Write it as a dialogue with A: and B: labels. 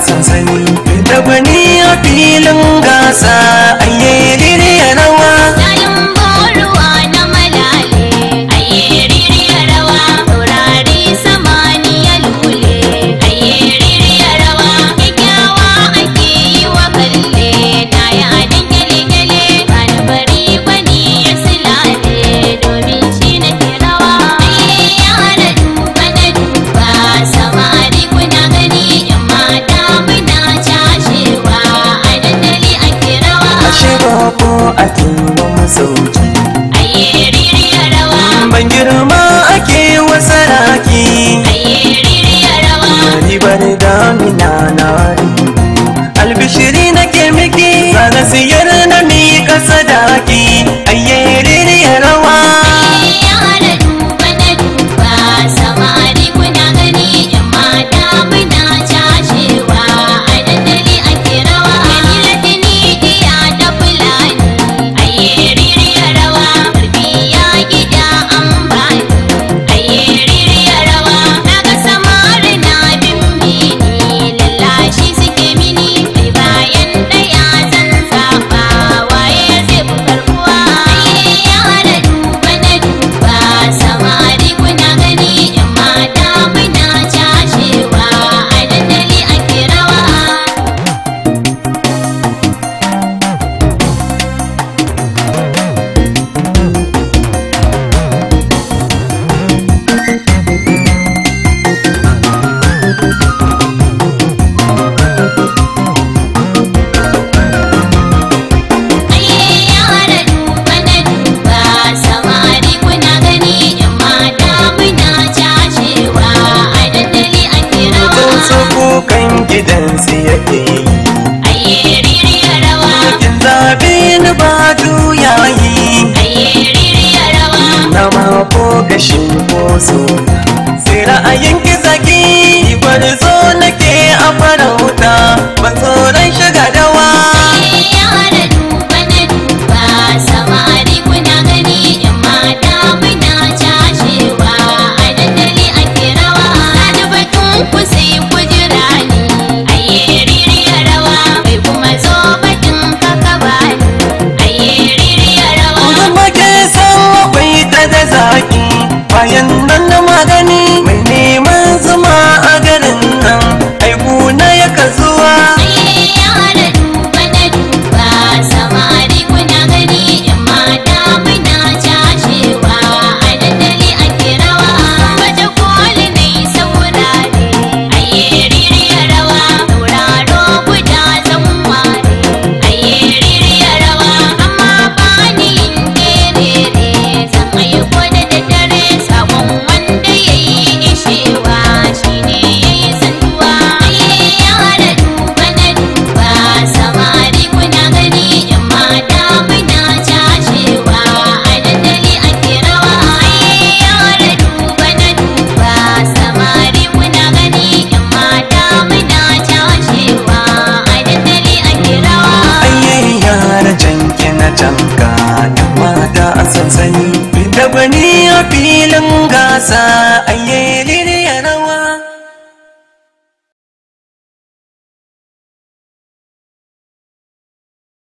A: wasan sanyi da gwani a filin gasa bari damina na wari kashin bozo sai ra'ayin ki zaki bar zo nake a faran canka yan mata a sansani da gwani a filin gasa ayyai